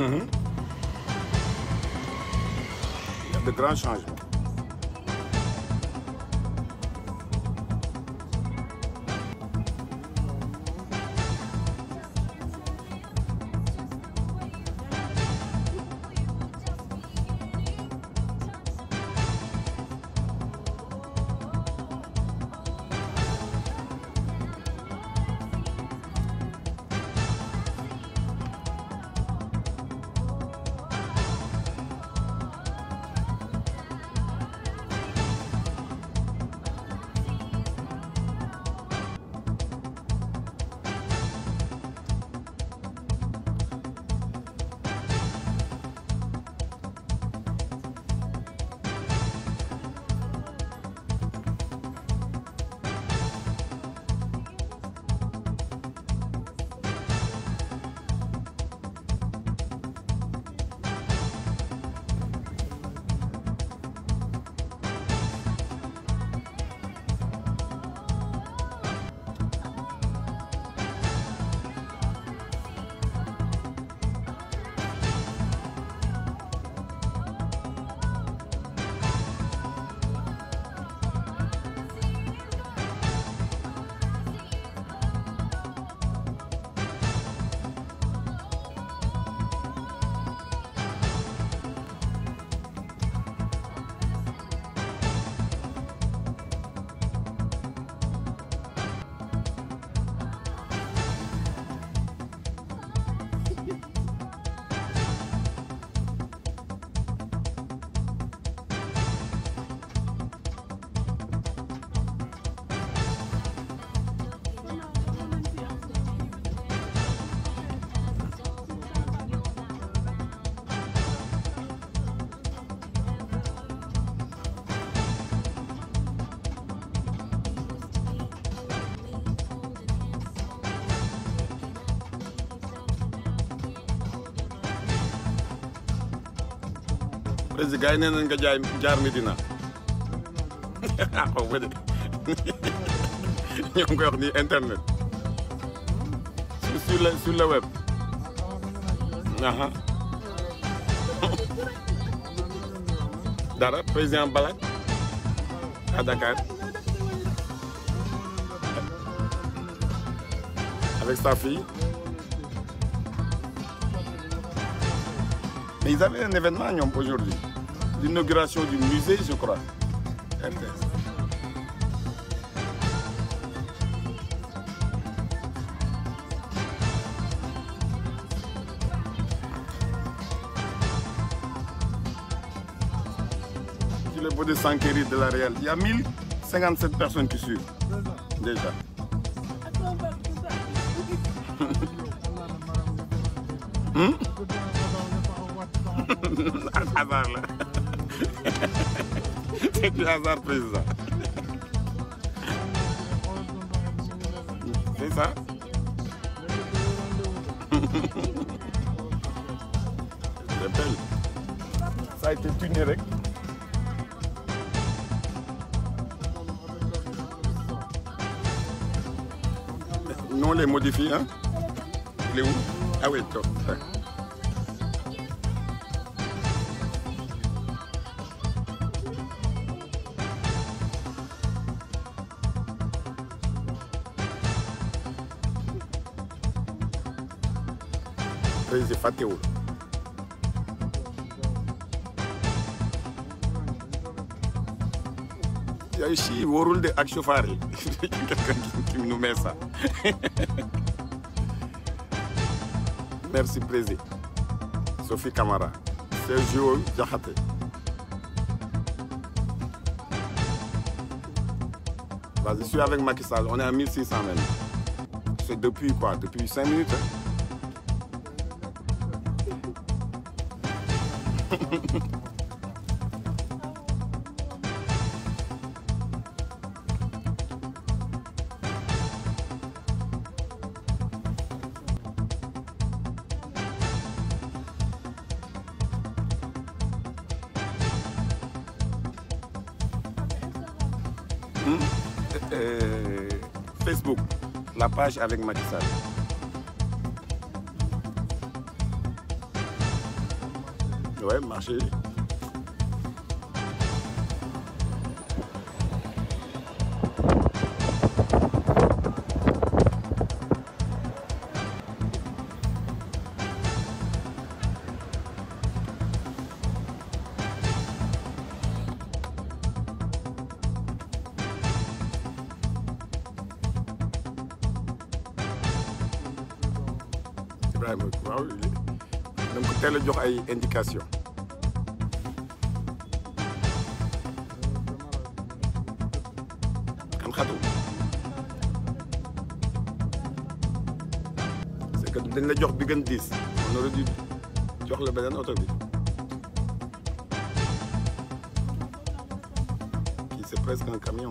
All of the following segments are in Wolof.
Mm-hmm. Il y a de grands changements. président gars yi nee nañ nga jaay jaar Medina ah xaw ma de ñoo internet sur le sur web aha dara président Balak à Dakar avec sa fille. Mais un événement à Nyom aujourd'hui. l'inauguration du musée, je crois. RTS. Il est beau de s'enquérir de la réelle. Il a personnes qui suivent. Déjà. hmm? Tek birazdan président. C'est ça. C'est belle. Ça a été tuné rek. Non, les modifie, hein? Il est où? Ah oui, top. président fàttewul yaay si wóorul de ak chauffeur yi quelqu'un qui nous met ça merci président Sophie Camara Sergio Diakhaté Bah, je suis avec Macky on est à 1600 C'est depuis quoi Depuis minutes Hmm. Euh, euh, Facebook, la page avec Macky Sall. ouais marché teel a jox ay indication kan xatu dañ la jox bi gën diis on aurait jox la beneen oto bi kii c'est presque un camion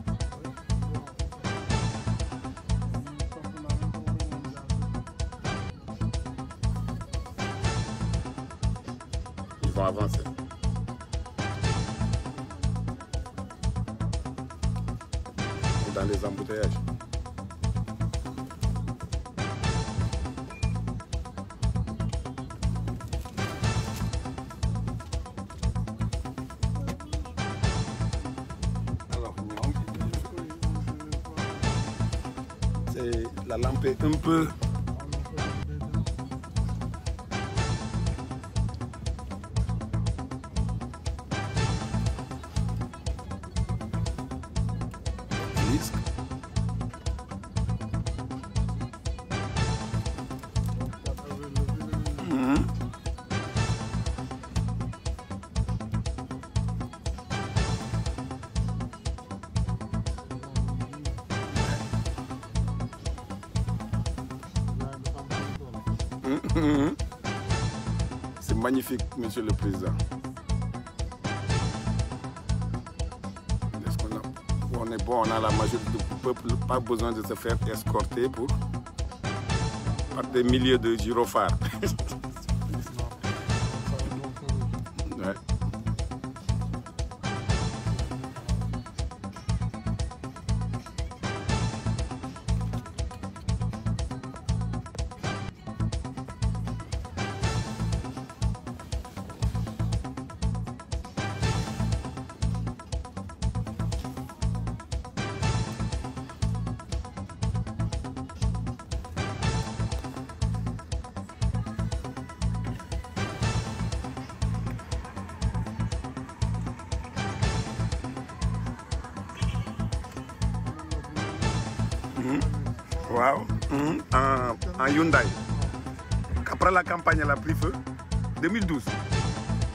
dans les embouteillages. la lampe est un peu C'est magnifique, monsieur le président. Est -ce on, a... on est bon, on a la majorité du peuple, pas besoin de se faire escorter pour par des milliers de gyrophares. waaw en en après la campagne elle a pris feu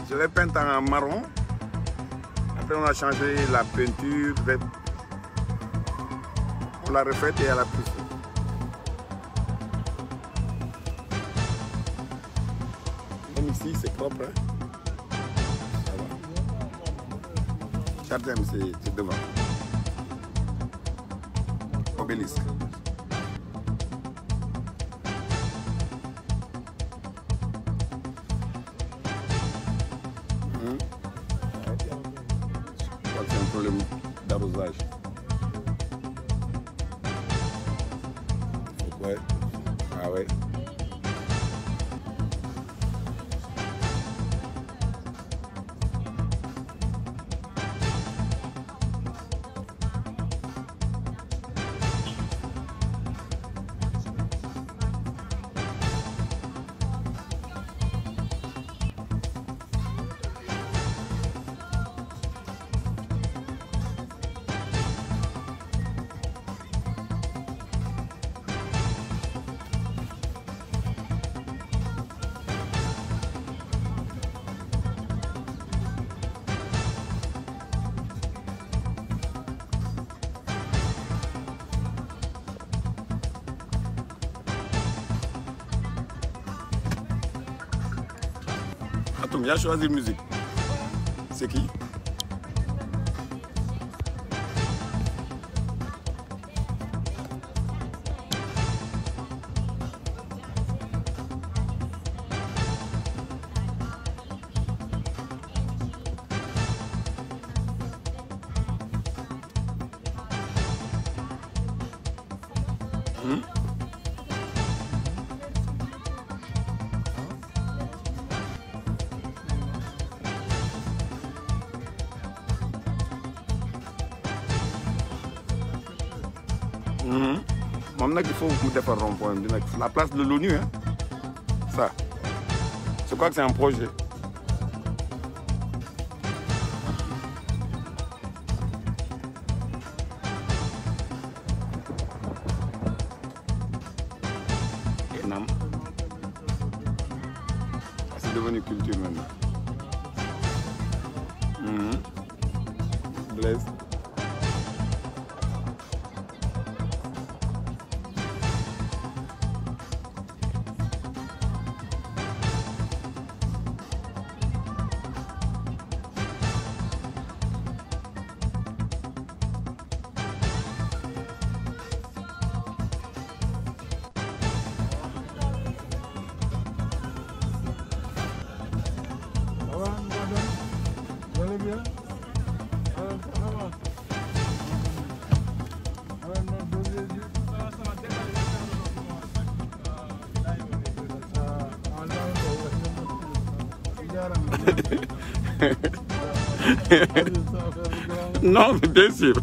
je l'ai peinte en marron après on a changé la peinture on l'a refaite et elle a pris feu c'est propre hein c'est devant obélisque Ah ouais. a choisi musique. C'est qui ma nag il faut mu defar rond-point la place de l'ONU hein ça je que c'est un projet Nam c'est devenu culture maintenant mmh. Blaise here. Uh, how are? non, mais bien sûr.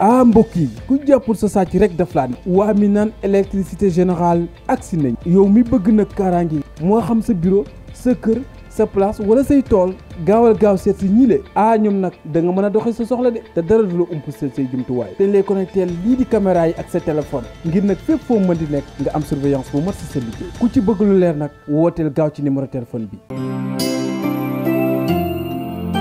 ah mbokk yi ku jàppul sa sàcc rek daf laa ne waa mi naan électricité générale si nañ yow mi bëgg nag kaaraange moo xam sa bureau sa kër sa place wala say tool gaawal gaaw seet si ñi le ah ñoom nag da nga mën a doxee sa soxla de te dara du la ump seet say jumtuwaay te ñu lay connecté lii di caméra yi ak sa téléphone ngir nag fépp foo mën di nekk nga am surveillance bu mat si sa liggéey ku ci bëgg leer nag wooteel gaaw ci numéro téléphone bi